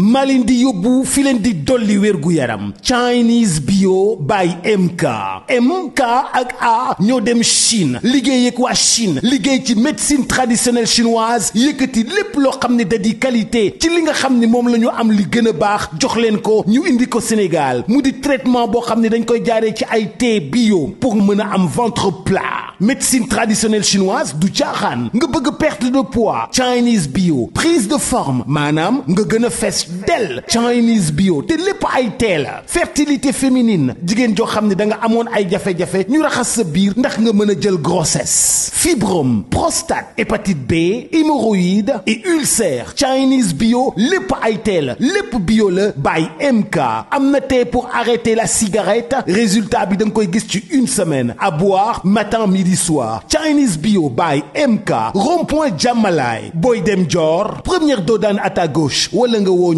malin di yóbbu fi leen di dolli wérgu yaram Chinese bio by MK MK ak A ñoo dem Chine liggéey ak waa Chine liggéey ci médecine traditionnelle chinoise yëkkati lépp loo xam ne da di qualité ci li nga xam ni moom la ñu am li gën a baax jox leen ko ñu indi ko Sénégal mu di traitement boo xam ne dañ koy jaaree ci ay thé bio pour mën a am ventre plat médecine traditionnelle chinoise du caaxaan nga bëgg perte de poids Chinese bio prise de forme maanaam nga gën a fees del Chinese bio te lépp ay tee la fertilité féminine jigéen joo xam ne danga amoon ay jafe-jafe ñu raxas sa biir ndax nga mën a jël grossesse fibrome prostate hépatite B hémorroïde et ulcère Chinese bio lépp ay tee la lépp bio la by MK am na tee pour arrêter la cigarette résultat bi da nga koy gis ci une semaine à boire matin midi soir Chinese bio by MK rond-point Jamalaay booy dem joor première doo daan à gauche wala nga woo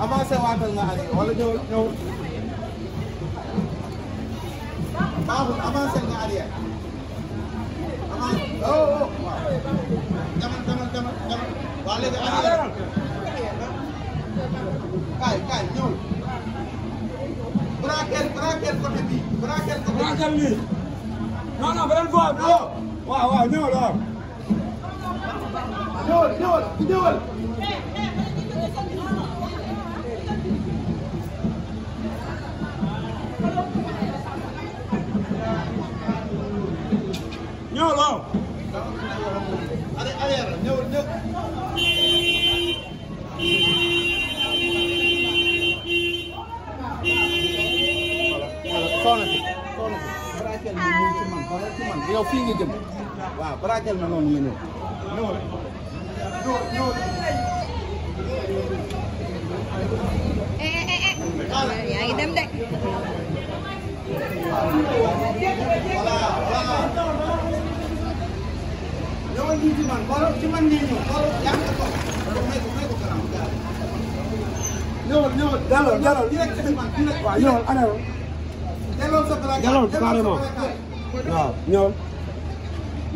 avancé waatal nga Aliou wala ñëw ñëw baaxul avancé nga Aliou avancé oh oh waaw oh. demal demal demal demal waa léegi Aliou kaay kaay ñëw braquer côté bi braquer côté bi. braquer lii non non beneen fois. waaw waaw ñëwal waaw. ñëwal ñëwal ñëwal. yow fii nga jëm waaw braquel ma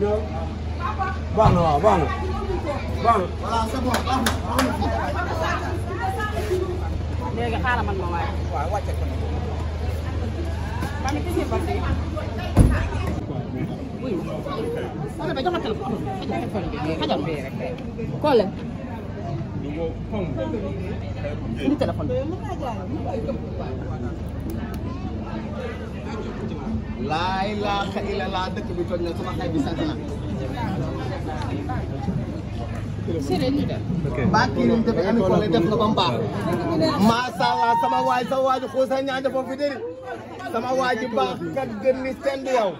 baax na waaw baax na baax na. voilà c'est bon baax na baax na. léegi xaaral man ma waay. waaw wàcce ko. Kole. Ini telepon. laa ilaaha illallaah dëkk bi toj na sama xay bi sant na. baat yi ñu def ami ko def na ba mu baax. sama waay sama waay ji xuusa ñaan dafa fi dëri sama waa ji baax kat gën ni kenn du yow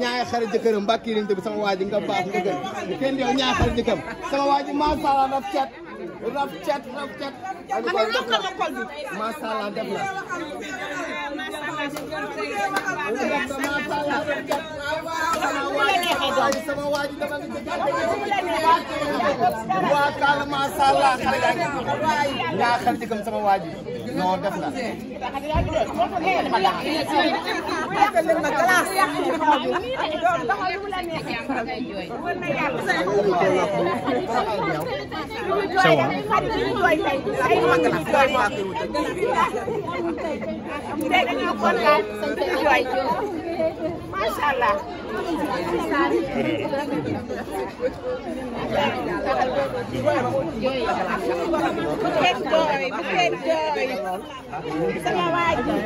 ñaay xarit jëkkëram mbàkk yi bi sama waa ji nga baax nga gën kenn du yow ñaay xarit jëkkëram sama waa ji macha allah raf cat raf cat raf cat. am na loxo la xol bi macha allah def na. waa Kaana macha allah xale yaa ngi ñaa xel ci sama waa ji non def na. ça va. tey dañoo kontaan di jooy macha allah. bu kenn jooy bu kenn jooy sama waa ji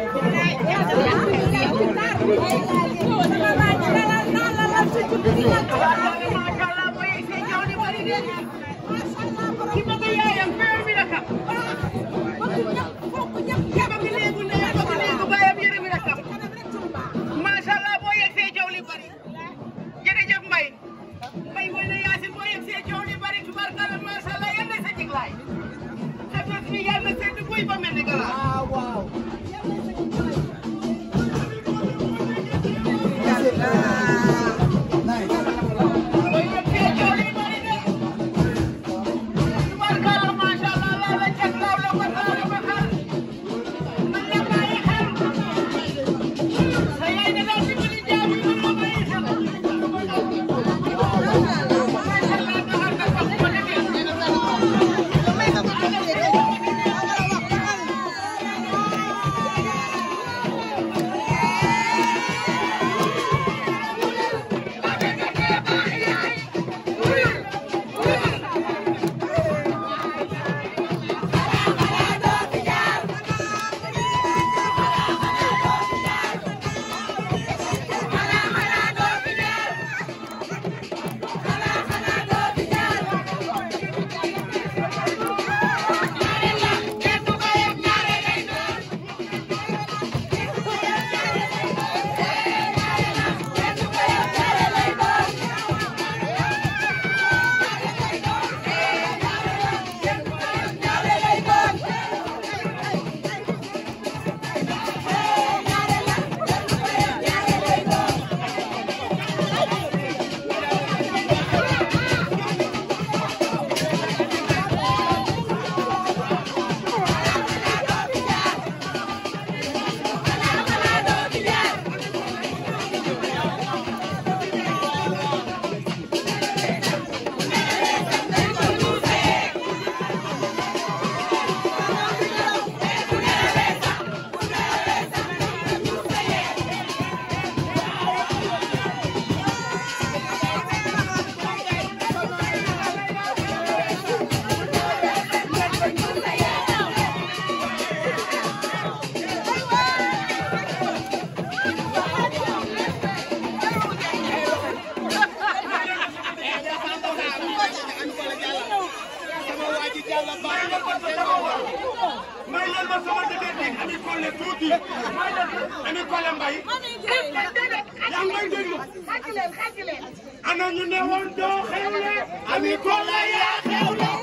yaa ana ñu ne woon doo xewle. ami ko la yaa xewle.